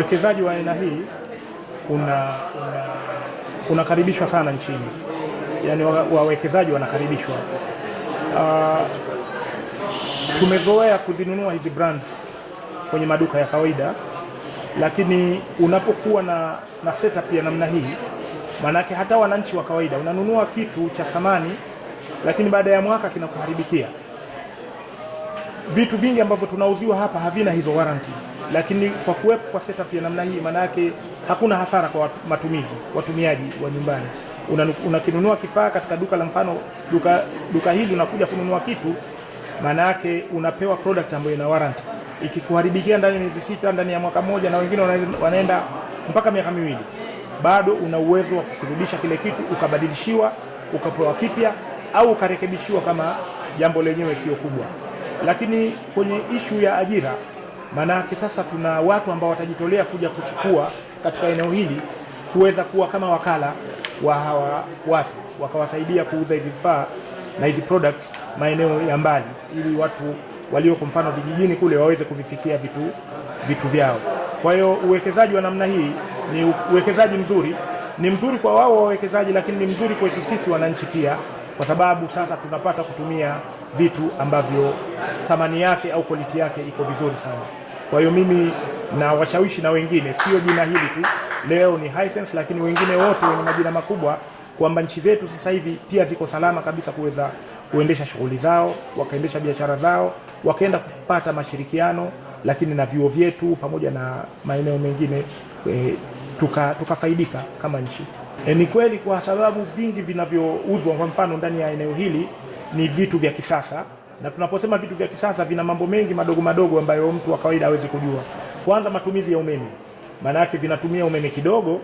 Uwekezaji wa aina hii unakaribishwa una, sana nchini, yaani wawekezaji wanakaribishwa. Uh, tumezoea kuzinunua hizi brands kwenye maduka ya kawaida, lakini unapokuwa na, na setup ya namna hii, maanake hata wananchi wa kawaida unanunua kitu cha thamani, lakini baada ya mwaka kinakuharibikia. Vitu vingi ambavyo tunauziwa hapa havina hizo warranty lakini kwa kuwepo kwa setup ya namna hii, maana yake hakuna hasara kwa matumizi watumiaji wa nyumbani. Unakinunua una kifaa katika duka la mfano duka, duka hili unakuja kununua kitu, maana yake unapewa product ambayo ina warranty. Ikikuharibikia ndani ya miezi sita, ndani ya mwaka mmoja, na wengine wanaenda mpaka miaka miwili, bado una uwezo wa kukirudisha kile kitu, ukabadilishiwa, ukapewa kipya au ukarekebishiwa kama jambo lenyewe sio kubwa. Lakini kwenye ishu ya ajira Maanake sasa tuna watu ambao watajitolea kuja kuchukua katika eneo hili kuweza kuwa kama wakala wa hawa watu wakawasaidia kuuza hivi vifaa na hizi products maeneo ya mbali, ili watu walio kwa mfano vijijini kule waweze kuvifikia vitu, vitu vyao. Kwa hiyo uwekezaji wa namna hii ni uwekezaji mzuri, ni mzuri kwa wao wawekezaji, lakini ni mzuri kwetu sisi wananchi pia kwa sababu sasa tunapata kutumia vitu ambavyo thamani yake au quality yake iko vizuri sana. Kwa hiyo mimi na washawishi na wengine, sio jina hili tu leo ni Hisense, lakini wengine wote wenye majina makubwa kwamba nchi zetu sasa hivi pia ziko salama kabisa kuweza kuendesha shughuli zao, wakaendesha biashara zao, wakaenda kupata mashirikiano, lakini na vyuo vyetu pamoja na maeneo mengine e, tukafaidika tuka kama nchi. E, ni kweli kwa sababu vingi vinavyouzwa kwa mfano ndani ya eneo hili ni vitu vya kisasa, na tunaposema vitu vya kisasa vina mambo mengi madogo madogo ambayo mtu wa kawaida hawezi kujua. Kwanza, matumizi ya umeme, maana yake vinatumia umeme kidogo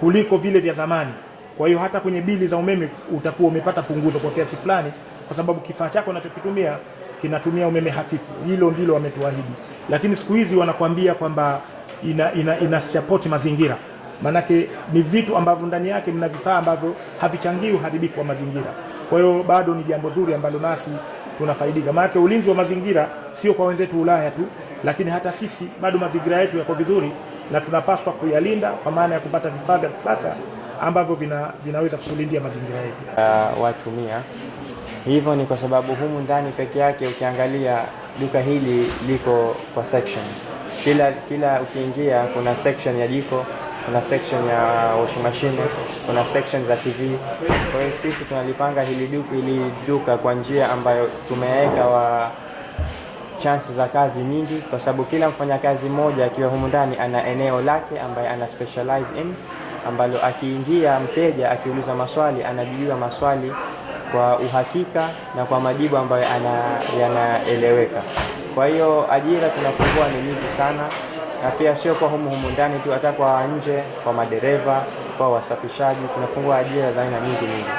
kuliko vile vya zamani. Kwa hiyo hata kwenye bili za umeme utakuwa umepata punguzo kwa kiasi fulani, kwa sababu kifaa chako unachokitumia kinatumia umeme hafifu. Hilo ndilo wametuahidi, lakini siku hizi wanakuambia kwamba ina, ina, ina support mazingira maanake ni vitu ambavyo ndani yake mna vifaa ambavyo havichangii uharibifu wa mazingira. Kwa hiyo bado ni jambo zuri ambalo nasi tunafaidika, maanake ulinzi wa mazingira sio kwa wenzetu Ulaya tu, lakini hata sisi bado mazingira yetu yako vizuri na tunapaswa kuyalinda kwa maana ya kupata vifaa vya kisasa ambavyo vina, vinaweza kutulindia mazingira yetu. Uh, mia hivyo ni kwa sababu humu ndani peke yake ukiangalia duka hili liko kwa sections. Kila, kila ukiingia kuna section ya jiko kuna section ya washing machine, kuna section za TV. Kwa hiyo sisi tunalipanga hili duka kwa njia ambayo tumeweka wa chansi za kazi nyingi, kwa sababu kila mfanyakazi mmoja akiwa humu ndani ana eneo lake ambaye ana specialize in, ambalo akiingia mteja akiuliza maswali anajibiwa maswali kwa uhakika na kwa majibu ambayo yanaeleweka. Kwa hiyo ajira tunafungua ni nyingi sana na pia sio kwa humu humu ndani tu, hata kwa nje, kwa madereva, kwa wasafishaji, tunafungua ajira za aina nyingi nyingi.